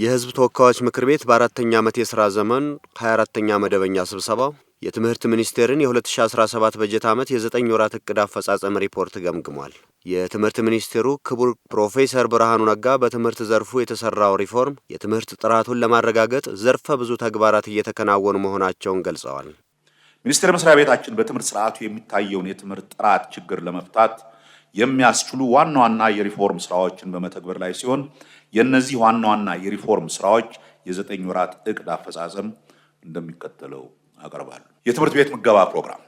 የህዝብ ተወካዮች ምክር ቤት በአራተኛ ዓመት የሥራ ዘመን 24ተኛ መደበኛ ስብሰባው የትምህርት ሚኒስቴርን የ2017 በጀት ዓመት የዘጠኝ ወራት እቅድ አፈጻጸም ሪፖርት ገምግሟል። የትምህርት ሚኒስቴሩ ክቡር ፕሮፌሰር ብርሃኑ ነጋ በትምህርት ዘርፉ የተሰራው ሪፎርም የትምህርት ጥራቱን ለማረጋገጥ ዘርፈ ብዙ ተግባራት እየተከናወኑ መሆናቸውን ገልጸዋል። ሚኒስቴር መስሪያ ቤታችን በትምህርት ስርዓቱ የሚታየውን የትምህርት ጥራት ችግር ለመፍታት የሚያስችሉ ዋና ዋና የሪፎርም ስራዎችን በመተግበር ላይ ሲሆን የእነዚህ ዋና ዋና የሪፎርም ስራዎች የዘጠኝ ወራት እቅድ አፈጻጸም እንደሚከተለው አቀርባሉ። የትምህርት ቤት ምገባ ፕሮግራም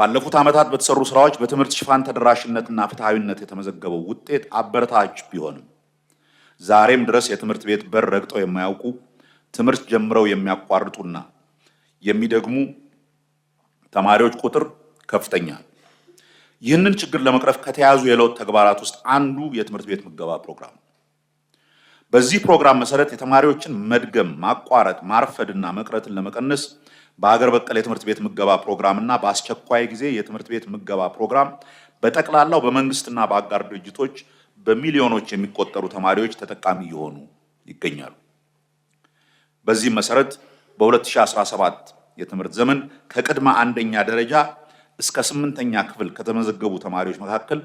ባለፉት ዓመታት በተሰሩ ስራዎች በትምህርት ሽፋን ተደራሽነትና ፍትሐዊነት የተመዘገበው ውጤት አበረታች ቢሆንም ዛሬም ድረስ የትምህርት ቤት በር ረግጠው የማያውቁ ትምህርት ጀምረው የሚያቋርጡና የሚደግሙ ተማሪዎች ቁጥር ከፍተኛ ነው። ይህንን ችግር ለመቅረፍ ከተያዙ የለውጥ ተግባራት ውስጥ አንዱ የትምህርት ቤት ምገባ ፕሮግራም ነው። በዚህ ፕሮግራም መሰረት የተማሪዎችን መድገም፣ ማቋረጥ፣ ማርፈድና መቅረትን ለመቀነስ በሀገር በቀል የትምህርት ቤት ምገባ ፕሮግራም እና በአስቸኳይ ጊዜ የትምህርት ቤት ምገባ ፕሮግራም በጠቅላላው በመንግስትና በአጋር ድርጅቶች በሚሊዮኖች የሚቆጠሩ ተማሪዎች ተጠቃሚ እየሆኑ ይገኛሉ። በዚህም መሰረት በ2017 የትምህርት ዘመን ከቅድመ አንደኛ ደረጃ እስከ ስምንተኛ ክፍል ከተመዘገቡ ተማሪዎች መካከል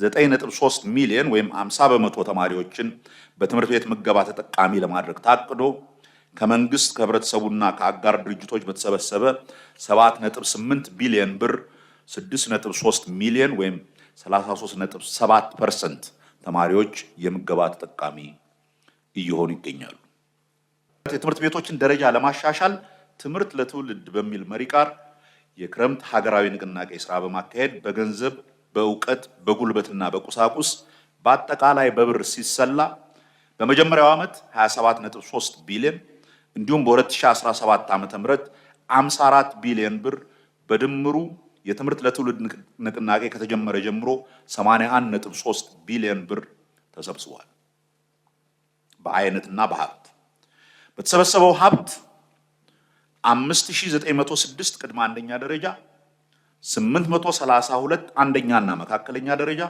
9.3 ሚሊዮን ወይም 50 በመቶ ተማሪዎችን በትምህርት ቤት ምገባ ተጠቃሚ ለማድረግ ታቅዶ ከመንግስት ከህብረተሰቡና ከአጋር ድርጅቶች በተሰበሰበ 7.8 ቢሊዮን ብር 6.3 ሚሊዮን ወይም 33.7 ፐርሰንት ተማሪዎች የምገባ ተጠቃሚ እየሆኑ ይገኛሉ። የትምህርት ቤቶችን ደረጃ ለማሻሻል ትምህርት ለትውልድ በሚል መሪ ቃል የክረምት ሀገራዊ ንቅናቄ ስራ በማካሄድ በገንዘብ በእውቀት በጉልበትና በቁሳቁስ በአጠቃላይ በብር ሲሰላ በመጀመሪያው ዓመት 27.3 ቢሊዮን እንዲሁም በ2017 ዓ.ም 54 ቢሊዮን ብር በድምሩ የትምህርት ለትውልድ ንቅናቄ ከተጀመረ ጀምሮ 81.3 ቢሊዮን ብር ተሰብስቧል። በአይነትና በሀብት በተሰበሰበው ሀብት 5906 ቅድመ አንደኛ ደረጃ 832 አንደኛ እና መካከለኛ ደረጃ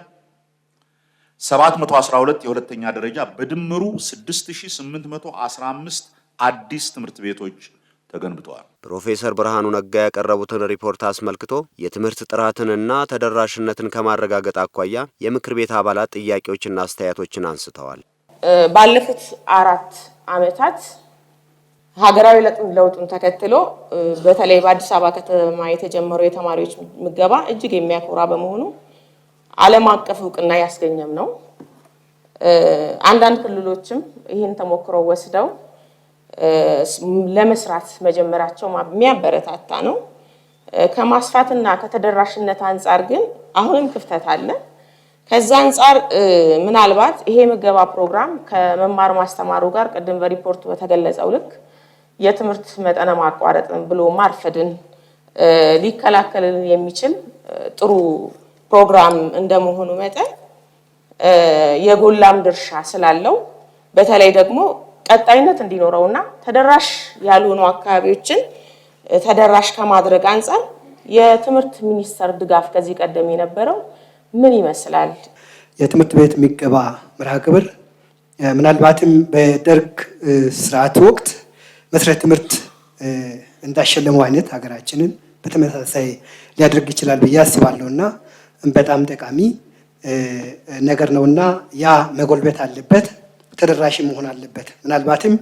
712 የሁለተኛ ደረጃ በድምሩ 6815 አዲስ ትምህርት ቤቶች ተገንብተዋል። ፕሮፌሰር ብርሃኑ ነጋ ያቀረቡትን ሪፖርት አስመልክቶ የትምህርት ጥራትንና ተደራሽነትን ከማረጋገጥ አኳያ የምክር ቤት አባላት ጥያቄዎችና አስተያየቶችን አንስተዋል። ባለፉት አራት ዓመታት ሀገራዊ ለውጡን ተከትሎ በተለይ በአዲስ አበባ ከተማ የተጀመረው የተማሪዎች ምገባ እጅግ የሚያኮራ በመሆኑ ዓለም አቀፍ እውቅና ያስገኘም ነው። አንዳንድ ክልሎችም ይህን ተሞክሮ ወስደው ለመስራት መጀመራቸው የሚያበረታታ ነው። ከማስፋትና ከተደራሽነት አንጻር ግን አሁንም ክፍተት አለ። ከዛ አንጻር ምናልባት ይሄ ምገባ ፕሮግራም ከመማር ማስተማሩ ጋር ቅድም በሪፖርቱ በተገለጸው ልክ የትምህርት መጠነ ማቋረጥን ብሎ ማርፈድን ሊከላከልን የሚችል ጥሩ ፕሮግራም እንደመሆኑ መጠን የጎላም ድርሻ ስላለው በተለይ ደግሞ ቀጣይነት እንዲኖረው እና ተደራሽ ያልሆኑ አካባቢዎችን ተደራሽ ከማድረግ አንጻር የትምህርት ሚኒስቴር ድጋፍ ከዚህ ቀደም የነበረው ምን ይመስላል? የትምህርት ቤት ምገባ መርሃ ግብር ምናልባትም በደርግ ስርዓት ወቅት መሰረተ ትምህርት እንዳሸለመው አይነት ሀገራችንን በተመሳሳይ ሊያደርግ ይችላል ብዬ አስባለሁ እና በጣም ጠቃሚ ነገር ነው እና ያ መጎልበት አለበት፣ ተደራሽ መሆን አለበት። ምናልባትም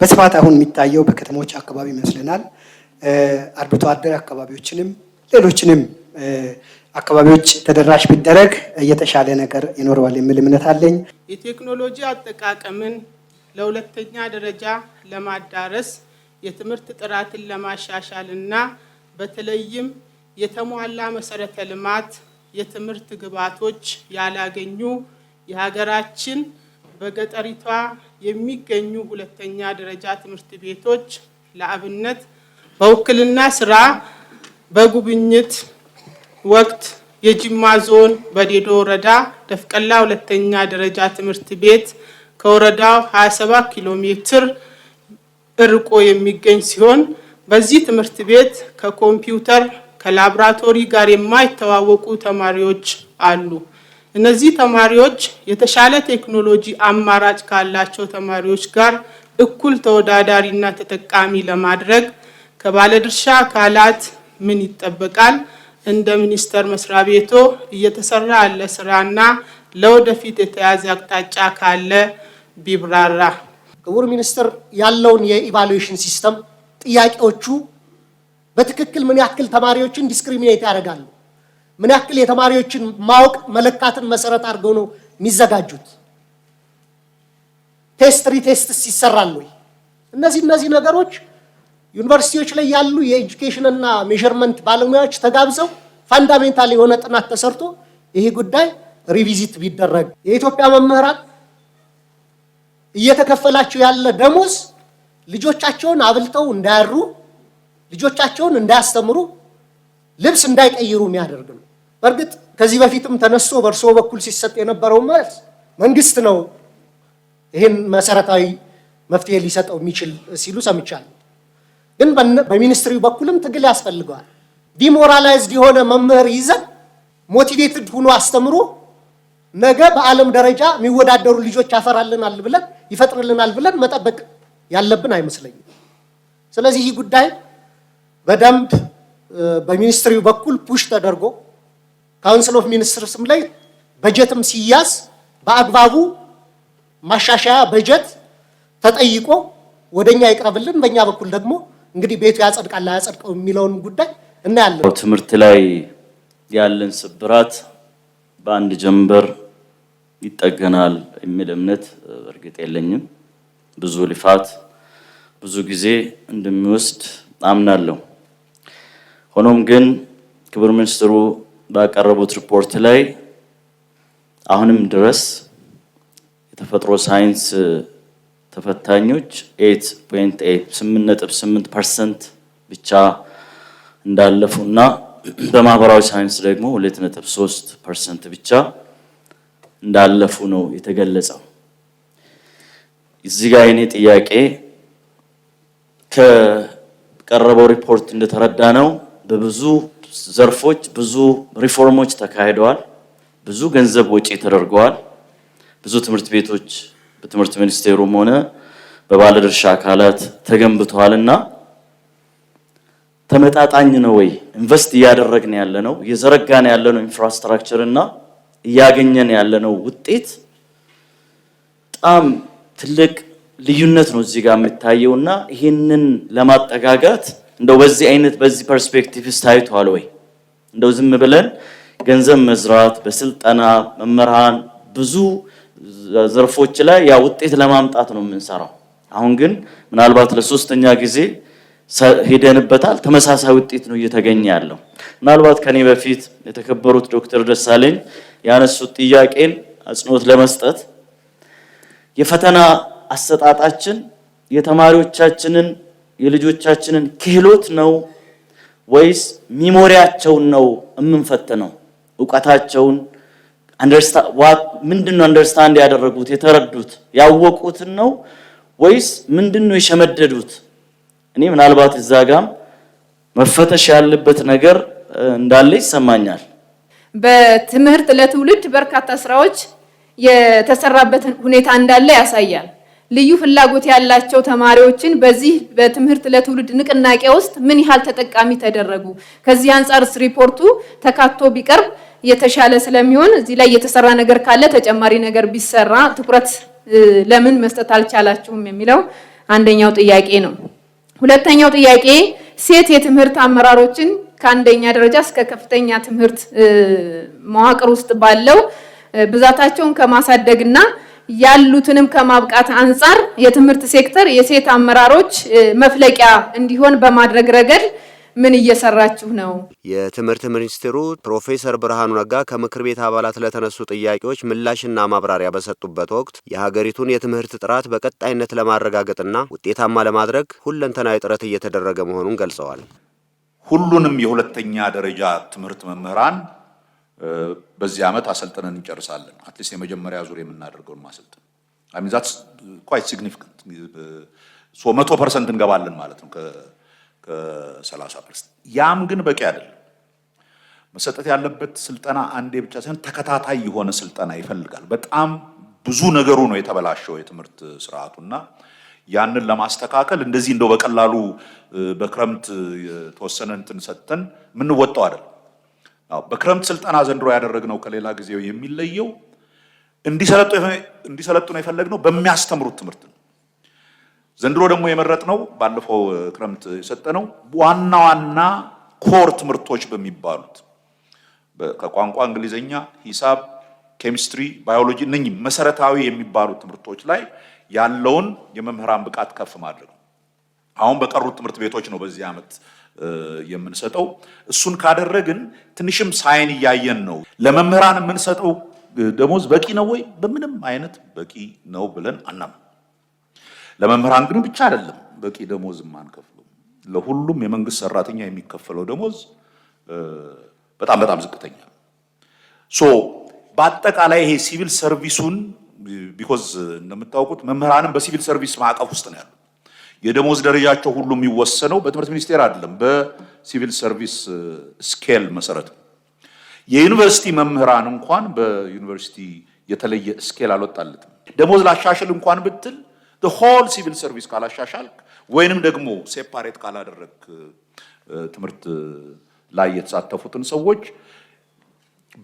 በስፋት አሁን የሚታየው በከተሞች አካባቢ ይመስለናል። አርብቶ አደር አካባቢዎችንም ሌሎችንም አካባቢዎች ተደራሽ ቢደረግ የተሻለ ነገር ይኖረዋል የሚል እምነት አለኝ። የቴክኖሎጂ አጠቃቀምን ለሁለተኛ ደረጃ ለማዳረስ የትምህርት ጥራትን ለማሻሻል እና በተለይም የተሟላ መሰረተ ልማት የትምህርት ግብዓቶች ያላገኙ የሀገራችን በገጠሪቷ የሚገኙ ሁለተኛ ደረጃ ትምህርት ቤቶች ለአብነት በውክልና ስራ በጉብኝት ወቅት የጅማ ዞን በዴዶ ወረዳ ደፍቀላ ሁለተኛ ደረጃ ትምህርት ቤት ከወረዳው 27 ኪሎ ሜትር እርቆ የሚገኝ ሲሆን በዚህ ትምህርት ቤት ከኮምፒውተር ከላብራቶሪ ጋር የማይተዋወቁ ተማሪዎች አሉ። እነዚህ ተማሪዎች የተሻለ ቴክኖሎጂ አማራጭ ካላቸው ተማሪዎች ጋር እኩል ተወዳዳሪና ተጠቃሚ ለማድረግ ከባለድርሻ አካላት ምን ይጠበቃል? እንደ ሚኒስቴር መስሪያ ቤቶ እየተሰራ ያለ ስራና ለወደፊት የተያዘ አቅጣጫ ካለ ቢብራራ። ክቡር ሚኒስትር ያለውን የኢቫሉዌሽን ሲስተም ጥያቄዎቹ በትክክል ምን ያክል ተማሪዎችን ዲስክሪሚኔት ያደርጋሉ? ምን ያክል የተማሪዎችን ማወቅ መለካትን መሰረት አድርገው ነው የሚዘጋጁት? ቴስት ሪቴስትስ ይሰራሉ ወይ? እነዚህ እነዚህ ነገሮች ዩኒቨርሲቲዎች ላይ ያሉ የኤጁኬሽን እና ሜዥርመንት ባለሙያዎች ተጋብዘው ፋንዳሜንታል የሆነ ጥናት ተሰርቶ ይሄ ጉዳይ ሪቪዚት ቢደረግ የኢትዮጵያ መምህራን እየተከፈላቸው ያለ ደሞዝ ልጆቻቸውን አብልተው እንዳያሩ፣ ልጆቻቸውን እንዳያስተምሩ፣ ልብስ እንዳይቀይሩ የሚያደርግ ነው። በእርግጥ ከዚህ በፊትም ተነስቶ በእርስዎ በኩል ሲሰጥ የነበረው መልስ መንግስት ነው ይህን መሰረታዊ መፍትሄ ሊሰጠው የሚችል ሲሉ ሰምቻለሁ። ግን በሚኒስትሪው በኩልም ትግል ያስፈልገዋል። ዲሞራላይዝድ የሆነ መምህር ይዘን ሞቲቬትድ ሁኖ አስተምሮ ነገ በዓለም ደረጃ የሚወዳደሩ ልጆች ያፈራልናል ብለን ይፈጥርልናል ብለን መጠበቅ ያለብን አይመስለኝም። ስለዚህ ይህ ጉዳይ በደንብ በሚኒስትሪው በኩል ፑሽ ተደርጎ ካውንስል ኦፍ ሚኒስትርስም ላይ በጀትም ሲያዝ በአግባቡ ማሻሻያ በጀት ተጠይቆ ወደኛ ይቅረብልን። በእኛ በኩል ደግሞ እንግዲህ ቤቱ ያጸድቃል አያጸድቀው የሚለውን ጉዳይ እናያለን። ትምህርት ላይ ያለን ስብራት በአንድ ጀንበር ይጠገናል የሚል እምነት በእርግጥ የለኝም። ብዙ ልፋት፣ ብዙ ጊዜ እንደሚወስድ አምናለሁ። ሆኖም ግን ክቡር ሚኒስትሩ ባቀረቡት ሪፖርት ላይ አሁንም ድረስ የተፈጥሮ ሳይንስ ተፈታኞች 8.8 ፐርሰንት ብቻ እና በማህበራዊ ሳይንስ ደግሞ 2.3 ፐርሰንት ብቻ እንዳለፉ ነው የተገለጸው። እዚህ ጋር የኔ ጥያቄ ከቀረበው ሪፖርት እንደተረዳ ነው በብዙ ዘርፎች ብዙ ሪፎርሞች ተካሂደዋል። ብዙ ገንዘብ ወጪ ተደርገዋል። ብዙ ትምህርት ቤቶች በትምህርት ሚኒስቴሩም ሆነ በባለድርሻ አካላት ተገንብተዋል እና ተመጣጣኝ ነው ወይ ኢንቨስት እያደረግን ያለ ነው እየዘረጋን ያለ ነው ኢንፍራስትራክቸር እና እያገኘን ያለነው ውጤት በጣም ትልቅ ልዩነት ነው እዚህ ጋር የሚታየው እና ይህንን ለማጠጋጋት እንደው በዚህ አይነት በዚህ ፐርስፔክቲቭስ ታይቷል ወይ? እንደው ዝም ብለን ገንዘብ መዝራት በስልጠና መምህራን ብዙ ዘርፎች ላይ ያ ውጤት ለማምጣት ነው የምንሰራው። አሁን ግን ምናልባት ለሶስተኛ ጊዜ ሄደንበታል። ተመሳሳይ ውጤት ነው እየተገኘ ያለው። ምናልባት ከኔ በፊት የተከበሩት ዶክተር ደሳለኝ ያነሱት ጥያቄን አጽንኦት ለመስጠት የፈተና አሰጣጣችን የተማሪዎቻችንን የልጆቻችንን ክህሎት ነው ወይስ ሚሞሪያቸውን ነው የምንፈትነው? እውቀታቸውን ምንድን ነው አንደርስታንድ ያደረጉት የተረዱት ያወቁትን ነው ወይስ ምንድን ነው የሸመደዱት? እኔ ምናልባት እዛ ጋም መፈተሽ ያለበት ነገር እንዳለ ይሰማኛል። በትምህርት ለትውልድ በርካታ ስራዎች የተሰራበት ሁኔታ እንዳለ ያሳያል። ልዩ ፍላጎት ያላቸው ተማሪዎችን በዚህ በትምህርት ለትውልድ ንቅናቄ ውስጥ ምን ያህል ተጠቃሚ ተደረጉ? ከዚህ አንጻርስ ሪፖርቱ ተካቶ ቢቀርብ የተሻለ ስለሚሆን እዚህ ላይ የተሰራ ነገር ካለ ተጨማሪ ነገር ቢሰራ ትኩረት ለምን መስጠት አልቻላችሁም የሚለው አንደኛው ጥያቄ ነው። ሁለተኛው ጥያቄ ሴት የትምህርት አመራሮችን ከአንደኛ ደረጃ እስከ ከፍተኛ ትምህርት መዋቅር ውስጥ ባለው ብዛታቸውን ከማሳደግና ያሉትንም ከማብቃት አንጻር የትምህርት ሴክተር የሴት አመራሮች መፍለቂያ እንዲሆን በማድረግ ረገድ ምን እየሰራችሁ ነው? የትምህርት ሚኒስትሩ ፕሮፌሰር ብርሃኑ ነጋ ከምክር ቤት አባላት ለተነሱ ጥያቄዎች ምላሽና ማብራሪያ በሰጡበት ወቅት የሀገሪቱን የትምህርት ጥራት በቀጣይነት ለማረጋገጥና ውጤታማ ለማድረግ ሁለንተናዊ ጥረት እየተደረገ መሆኑን ገልጸዋል። ሁሉንም የሁለተኛ ደረጃ ትምህርት መምህራን በዚህ ዓመት አሰልጥነን እንጨርሳለን። አትሊስት የመጀመሪያ ዙር የምናደርገውን ማሰልጥን አሚዛት ኳይት ሲግኒፊካንት ሶ መቶ ፐርሰንት እንገባለን ማለት ነው ከሰላሳ ፐርሰንት። ያም ግን በቂ አይደለም። መሰጠት ያለበት ስልጠና አንዴ ብቻ ሳይሆን ተከታታይ የሆነ ስልጠና ይፈልጋል። በጣም ብዙ ነገሩ ነው የተበላሸው የትምህርት ስርዓቱና ያንን ለማስተካከል እንደዚህ እንደው በቀላሉ በክረምት የተወሰነ እንትን ሰጥተን የምንወጣው አይደለም። በክረምት ስልጠና ዘንድሮ ያደረግነው ከሌላ ጊዜው የሚለየው እንዲሰለጡ ነው የፈለግነው በሚያስተምሩት ትምህርት ነው። ዘንድሮ ደግሞ የመረጥነው ባለፈው ክረምት የሰጠነው ዋና ዋና ኮር ትምህርቶች በሚባሉት ከቋንቋ እንግሊዘኛ፣ ሂሳብ ኬሚስትሪ፣ ባዮሎጂ እነህ መሰረታዊ የሚባሉ ትምህርቶች ላይ ያለውን የመምህራን ብቃት ከፍ ማድረግ ነው። አሁን በቀሩት ትምህርት ቤቶች ነው በዚህ ዓመት የምንሰጠው። እሱን ካደረግን ትንሽም ሳይን እያየን ነው። ለመምህራን የምንሰጠው ደሞዝ በቂ ነው ወይ? በምንም አይነት በቂ ነው ብለን አናም። ለመምህራን ግን ብቻ አይደለም በቂ ደሞዝ የማንከፍለው። ለሁሉም የመንግስት ሰራተኛ የሚከፈለው ደሞዝ በጣም በጣም ዝቅተኛ ሶ በአጠቃላይ ይሄ ሲቪል ሰርቪሱን ቢኮዝ እንደምታውቁት መምህራንም በሲቪል ሰርቪስ ማዕቀፍ ውስጥ ነው ያሉት። የደሞዝ ደረጃቸው ሁሉ የሚወሰነው በትምህርት ሚኒስቴር አይደለም፣ በሲቪል ሰርቪስ ስኬል መሰረት ነው። የዩኒቨርሲቲ መምህራን እንኳን በዩኒቨርሲቲ የተለየ ስኬል አልወጣለትም። ደሞዝ ላሻሽል እንኳን ብትል ሆል ሲቪል ሰርቪስ ካላሻሻልክ ወይንም ደግሞ ሴፓሬት ካላደረግ ትምህርት ላይ የተሳተፉትን ሰዎች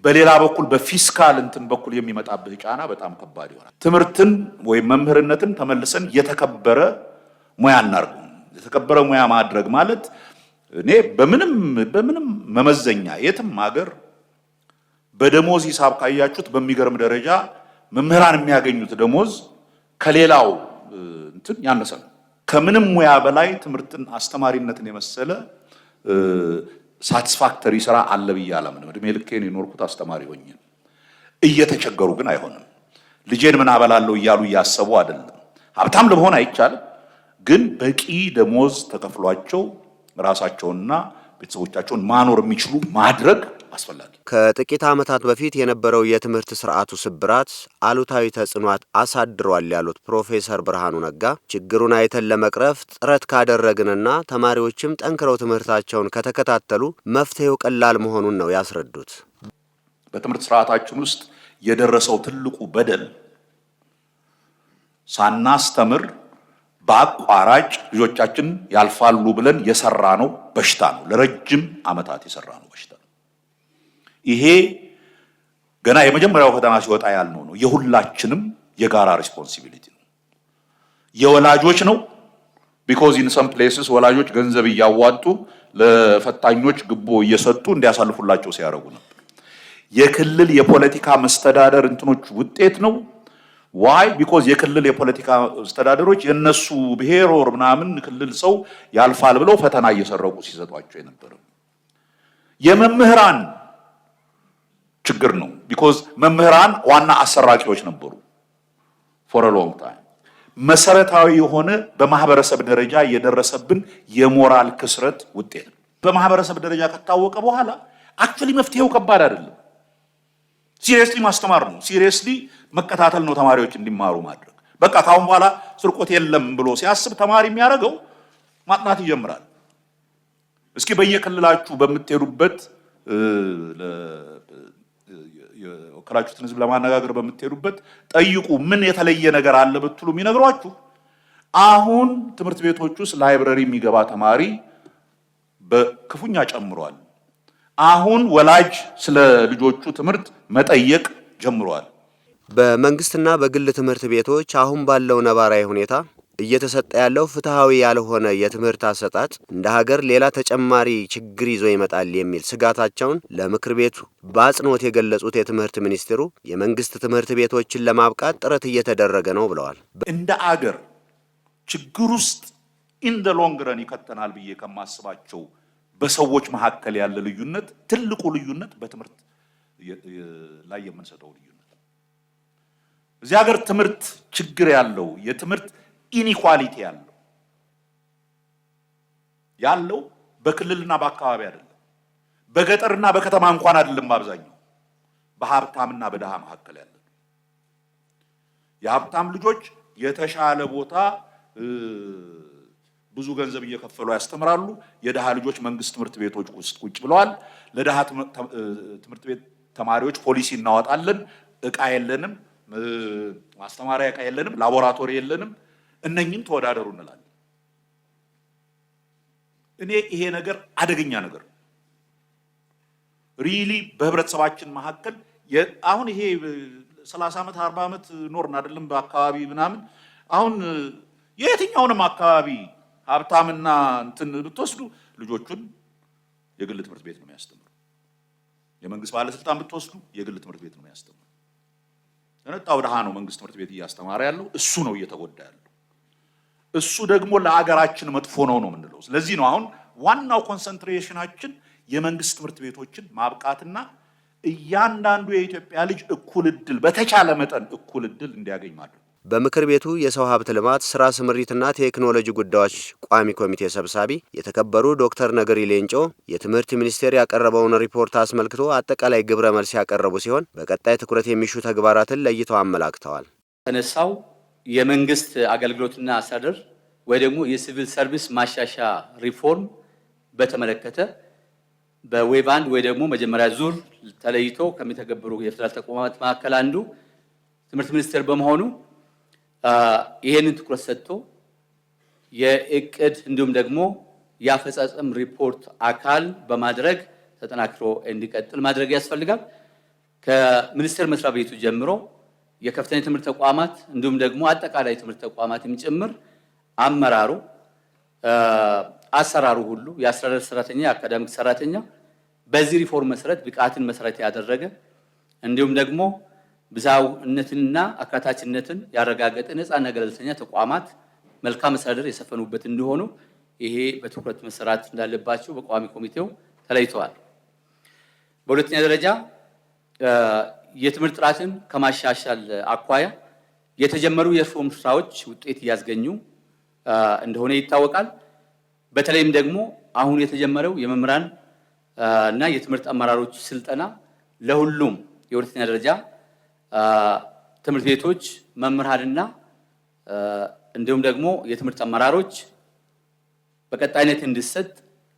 በሌላ በኩል በፊስካል እንትን በኩል የሚመጣብህ ጫና በጣም ከባድ ይሆናል። ትምህርትን ወይም መምህርነትን ተመልሰን የተከበረ ሙያ እናርጉ። የተከበረ ሙያ ማድረግ ማለት እኔ በምንም በምንም መመዘኛ የትም ሀገር በደሞዝ ሂሳብ ካያችሁት በሚገርም ደረጃ መምህራን የሚያገኙት ደሞዝ ከሌላው እንትን ያነሰ ነው። ከምንም ሙያ በላይ ትምህርትን አስተማሪነትን የመሰለ ሳትስፋክተሪ ስራ አለ ብዬ አላምንም። እድሜ ልኬን የኖርኩት አስተማሪ ሆኜ እየተቸገሩ ግን አይሆንም። ልጄን ምን አበላለሁ እያሉ እያሰቡ አይደለም። ሀብታም ለመሆን አይቻልም፣ ግን በቂ ደሞዝ ተከፍሏቸው ራሳቸውንና ቤተሰቦቻቸውን ማኖር የሚችሉ ማድረግ አስፈላጊ። ከጥቂት ዓመታት በፊት የነበረው የትምህርት ስርዓቱ ስብራት አሉታዊ ተጽዕኖት አሳድሯል ያሉት ፕሮፌሰር ብርሃኑ ነጋ ችግሩን አይተን ለመቅረፍ ጥረት ካደረግንና ተማሪዎችም ጠንክረው ትምህርታቸውን ከተከታተሉ መፍትሄው ቀላል መሆኑን ነው ያስረዱት። በትምህርት ስርዓታችን ውስጥ የደረሰው ትልቁ በደል ሳናስተምር በአቋራጭ ልጆቻችን ያልፋሉ ብለን የሰራ ነው በሽታ ነው። ለረጅም ዓመታት የሰራ ነው በሽታ ይሄ ገና የመጀመሪያው ፈተና ሲወጣ ያልነው ነው። የሁላችንም የጋራ ሪስፖንሲቢሊቲ ነው። የወላጆች ነው። ቢኮዝ ኢን ሰም ፕሌስስ ወላጆች ገንዘብ እያዋጡ ለፈታኞች ግቦ እየሰጡ እንዲያሳልፉላቸው ሲያደርጉ ነበር። የክልል የፖለቲካ መስተዳደር እንትኖች ውጤት ነው። ዋይ ቢኮዝ የክልል የፖለቲካ መስተዳደሮች የነሱ ብሔር ወር ምናምን ክልል ሰው ያልፋል ብለው ፈተና እየሰረቁ ሲሰጧቸው የነበረ የመምህራን ችግር ነው። ቢኮዝ መምህራን ዋና አሰራቂዎች ነበሩ ፎር ሎንግ ታይም። መሰረታዊ የሆነ በማህበረሰብ ደረጃ የደረሰብን የሞራል ክስረት ውጤት ነው። በማህበረሰብ ደረጃ ከታወቀ በኋላ አክቹሊ መፍትሄው ከባድ አይደለም። ሲሪየስሊ ማስተማር ነው። ሲሪየስሊ መከታተል ነው። ተማሪዎች እንዲማሩ ማድረግ በቃ ካሁን በኋላ ስርቆት የለም ብሎ ሲያስብ ተማሪ የሚያደርገው ማጥናት ይጀምራል። እስኪ በየክልላችሁ በምትሄዱበት የወከላችሁትን ህዝብ ለማነጋገር በምትሄዱበት ጠይቁ። ምን የተለየ ነገር አለ ብትሉ የሚነግሯችሁ አሁን ትምህርት ቤቶች ውስጥ ላይብረሪ የሚገባ ተማሪ በክፉኛ ጨምሯል። አሁን ወላጅ ስለ ልጆቹ ትምህርት መጠየቅ ጀምሯል። በመንግስትና በግል ትምህርት ቤቶች አሁን ባለው ነባራዊ ሁኔታ እየተሰጠ ያለው ፍትሐዊ ያልሆነ የትምህርት አሰጣጥ እንደ ሀገር ሌላ ተጨማሪ ችግር ይዞ ይመጣል የሚል ስጋታቸውን ለምክር ቤቱ በአጽንኦት የገለጹት የትምህርት ሚኒስትሩ የመንግስት ትምህርት ቤቶችን ለማብቃት ጥረት እየተደረገ ነው ብለዋል። እንደ አገር ችግር ውስጥ ኢንደ ሎንግረን ይከተናል ብዬ ከማስባቸው በሰዎች መካከል ያለ ልዩነት ትልቁ ልዩነት በትምህርት ላይ የምንሰጠው ልዩነት እዚህ ሀገር ትምህርት ችግር ያለው የትምህርት ኢኒኳሊቲ ያለው ያለው በክልልና በአካባቢ አይደለም፣ በገጠርና በከተማ እንኳን አይደለም። አብዛኛው በሀብታምና በድሃ መካከል ያለ የሀብታም ልጆች የተሻለ ቦታ ብዙ ገንዘብ እየከፈሉ ያስተምራሉ። የድሃ ልጆች መንግስት ትምህርት ቤቶች ውስጥ ቁጭ ብለዋል። ለድሃ ትምህርት ቤት ተማሪዎች ፖሊሲ እናወጣለን። እቃ የለንም፣ ማስተማሪያ እቃ የለንም፣ ላቦራቶሪ የለንም። እነኝም ተወዳደሩ እንላለን። እኔ ይሄ ነገር አደገኛ ነገር ነው። ሪሊ በህብረተሰባችን መካከል አሁን ይሄ ሰላሳ ዓመት አርባ ዓመት ኖርን አይደለም በአካባቢ ምናምን አሁን የየትኛውንም አካባቢ ሀብታምና እንትን ብትወስዱ ልጆቹን የግል ትምህርት ቤት ነው የሚያስተምሩ። የመንግስት ባለስልጣን ብትወስዱ የግል ትምህርት ቤት ነው የሚያስተምሩ። ተነጣ ወደ ሀ ነው መንግስት ትምህርት ቤት እያስተማረ ያለው እሱ ነው እየተጎዳ ያለው። እሱ ደግሞ ለአገራችን መጥፎ ነው ነው የምንለው። ስለዚህ ነው አሁን ዋናው ኮንሰንትሬሽናችን የመንግስት ትምህርት ቤቶችን ማብቃትና እያንዳንዱ የኢትዮጵያ ልጅ እኩል እድል በተቻለ መጠን እኩል እድል እንዲያገኝ ማድረግ። በምክር ቤቱ የሰው ሀብት ልማት ስራ ስምሪትና ቴክኖሎጂ ጉዳዮች ቋሚ ኮሚቴ ሰብሳቢ የተከበሩ ዶክተር ነገሪ ሌንጮ የትምህርት ሚኒስቴር ያቀረበውን ሪፖርት አስመልክቶ አጠቃላይ ግብረ መልስ ያቀረቡ ሲሆን በቀጣይ ትኩረት የሚሹ ተግባራትን ለይተው አመላክተዋል። ተነሳው የመንግስት አገልግሎትና አስተዳደር ወይ ደግሞ የሲቪል ሰርቪስ ማሻሻ ሪፎርም በተመለከተ በዌቭ አንድ ወይ ደግሞ መጀመሪያ ዙር ተለይቶ ከሚተገበሩ የፌዴራል ተቋማት መካከል አንዱ ትምህርት ሚኒስቴር በመሆኑ ይሄንን ትኩረት ሰጥቶ የእቅድ እንዲሁም ደግሞ የአፈጻጸም ሪፖርት አካል በማድረግ ተጠናክሮ እንዲቀጥል ማድረግ ያስፈልጋል። ከሚኒስቴር መስሪያ ቤቱ ጀምሮ የከፍተኛ ትምህርት ተቋማት እንዲሁም ደግሞ አጠቃላይ ትምህርት ተቋማትም ጭምር አመራሩ፣ አሰራሩ ሁሉ የአስተዳደር ሰራተኛ፣ የአካዳሚክ ሰራተኛ በዚህ ሪፎርም መሰረት ብቃትን መሰረት ያደረገ እንዲሁም ደግሞ ብዛውነትንና አካታችነትን ያረጋገጠ ነፃና ገለልተኛ ተቋማት መልካም አስተዳደር የሰፈኑበት እንደሆኑ ይሄ በትኩረት መሰራት እንዳለባቸው በቋሚ ኮሚቴው ተለይተዋል። በሁለተኛ ደረጃ የትምህርት ጥራትን ከማሻሻል አኳያ የተጀመሩ የሪፎርም ስራዎች ውጤት እያስገኙ እንደሆነ ይታወቃል። በተለይም ደግሞ አሁን የተጀመረው የመምህራን እና የትምህርት አመራሮች ስልጠና ለሁሉም የሁለተኛ ደረጃ ትምህርት ቤቶች መምህራንና እንዲሁም ደግሞ የትምህርት አመራሮች በቀጣይነት እንዲሰጥ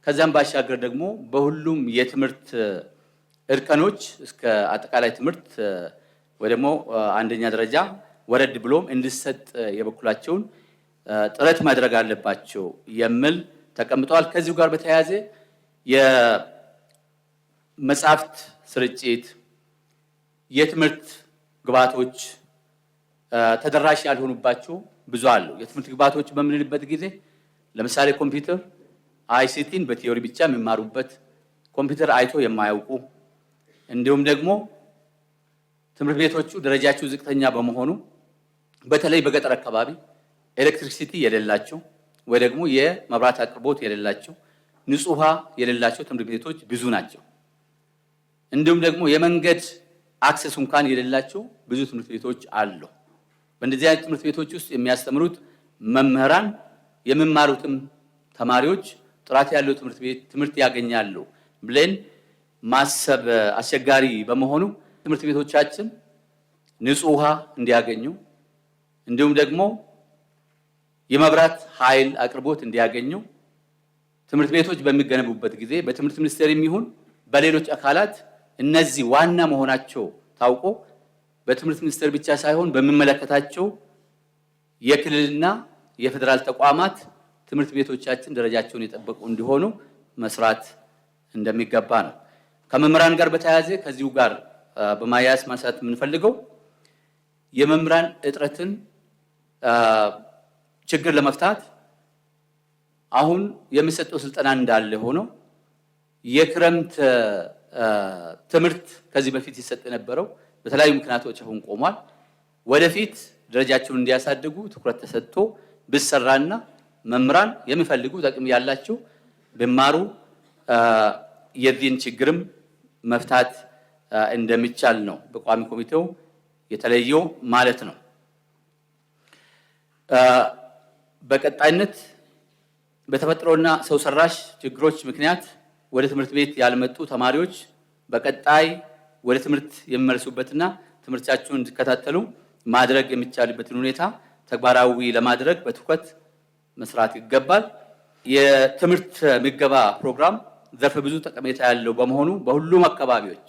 ከዚያም ባሻገር ደግሞ በሁሉም የትምህርት እርቀኖች እስከ አጠቃላይ ትምህርት ወይ ደግሞ አንደኛ ደረጃ ወረድ ብሎም እንዲሰጥ የበኩላቸውን ጥረት ማድረግ አለባቸው የሚል ተቀምጠዋል። ከዚሁ ጋር በተያያዘ የመጽሐፍት ስርጭት፣ የትምህርት ግብዓቶች ተደራሽ ያልሆኑባቸው ብዙ አሉ። የትምህርት ግብዓቶች በምንልበት ጊዜ ለምሳሌ ኮምፒውተር አይሲቲን በቲዮሪ ብቻ የሚማሩበት ኮምፒውተር አይቶ የማያውቁ እንዲሁም ደግሞ ትምህርት ቤቶቹ ደረጃቸው ዝቅተኛ በመሆኑ በተለይ በገጠር አካባቢ ኤሌክትሪክሲቲ የሌላቸው ወይ ደግሞ የመብራት አቅርቦት የሌላቸው ንጹህ ውሃ የሌላቸው ትምህርት ቤቶች ብዙ ናቸው። እንዲሁም ደግሞ የመንገድ አክሰስ እንኳን የሌላቸው ብዙ ትምህርት ቤቶች አሉ። በእንደዚህ አይነት ትምህርት ቤቶች ውስጥ የሚያስተምሩት መምህራን የሚማሩትም ተማሪዎች ጥራት ያለው ትምህርት ቤት ትምህርት ያገኛሉ ብለን ማሰብ አስቸጋሪ በመሆኑ ትምህርት ቤቶቻችን ንጹህ ውሃ እንዲያገኙ እንዲሁም ደግሞ የመብራት ኃይል አቅርቦት እንዲያገኙ ትምህርት ቤቶች በሚገነቡበት ጊዜ በትምህርት ሚኒስቴር የሚሆን በሌሎች አካላት እነዚህ ዋና መሆናቸው ታውቆ በትምህርት ሚኒስቴር ብቻ ሳይሆን በሚመለከታቸው የክልልና የፌዴራል ተቋማት ትምህርት ቤቶቻችን ደረጃቸውን የጠበቁ እንዲሆኑ መስራት እንደሚገባ ነው። ከመምህራን ጋር በተያያዘ ከዚሁ ጋር በማያያዝ ማንሳት የምንፈልገው የመምህራን እጥረትን ችግር ለመፍታት አሁን የሚሰጠው ስልጠና እንዳለ ሆኖ የክረምት ትምህርት ከዚህ በፊት ይሰጥ የነበረው በተለያዩ ምክንያቶች አሁን ቆሟል። ወደፊት ደረጃቸውን እንዲያሳድጉ ትኩረት ተሰጥቶ ብሰራና መምህራን የሚፈልጉ ጥቅም ያላቸው ቢማሩ የዚህን ችግርም መፍታት እንደሚቻል ነው በቋሚ ኮሚቴው የተለየው ማለት ነው። በቀጣይነት በተፈጥሮና ሰው ሰራሽ ችግሮች ምክንያት ወደ ትምህርት ቤት ያልመጡ ተማሪዎች በቀጣይ ወደ ትምህርት የሚመለሱበትና ትምህርታቸውን እንዲከታተሉ ማድረግ የሚቻልበትን ሁኔታ ተግባራዊ ለማድረግ በትኩረት መስራት ይገባል። የትምህርት ምገባ ፕሮግራም ዘርፈ ብዙ ጠቀሜታ ያለው በመሆኑ በሁሉም አካባቢዎች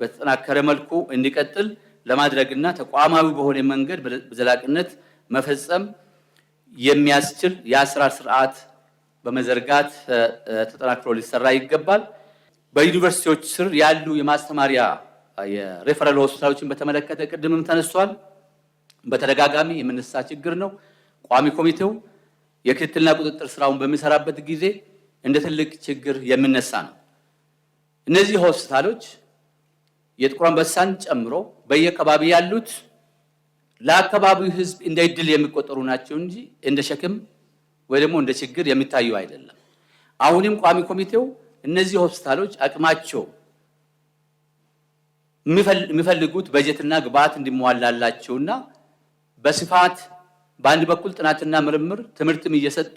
በተጠናከረ መልኩ እንዲቀጥል ለማድረግና ተቋማዊ በሆነ መንገድ በዘላቂነት መፈጸም የሚያስችል የአሰራር ስርዓት በመዘርጋት ተጠናክሮ ሊሰራ ይገባል። በዩኒቨርሲቲዎች ስር ያሉ የማስተማሪያ የሬፈራል ሆስፒታሎችን በተመለከተ ቅድምም ተነስቷል። በተደጋጋሚ የምንሳ ችግር ነው። ቋሚ ኮሚቴው የክትትልና ቁጥጥር ስራውን በሚሰራበት ጊዜ እንደ ትልቅ ችግር የምነሳ ነው። እነዚህ ሆስፒታሎች የጥቁር አንበሳን ጨምሮ በየከባቢ ያሉት ለአካባቢው ሕዝብ እንደ እድል የሚቆጠሩ ናቸው እንጂ እንደ ሸክም ወይ ደግሞ እንደ ችግር የሚታዩ አይደለም። አሁንም ቋሚ ኮሚቴው እነዚህ ሆስፒታሎች አቅማቸው የሚፈልጉት በጀትና ግብዓት እንዲሟላላቸውና በስፋት በአንድ በኩል ጥናትና ምርምር ትምህርትም እየሰጡ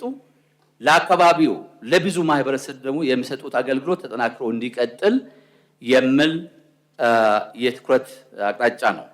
ለአካባቢው ለብዙ ማህበረሰብ ደግሞ የሚሰጡት አገልግሎት ተጠናክሮ እንዲቀጥል የሚል የትኩረት አቅጣጫ ነው።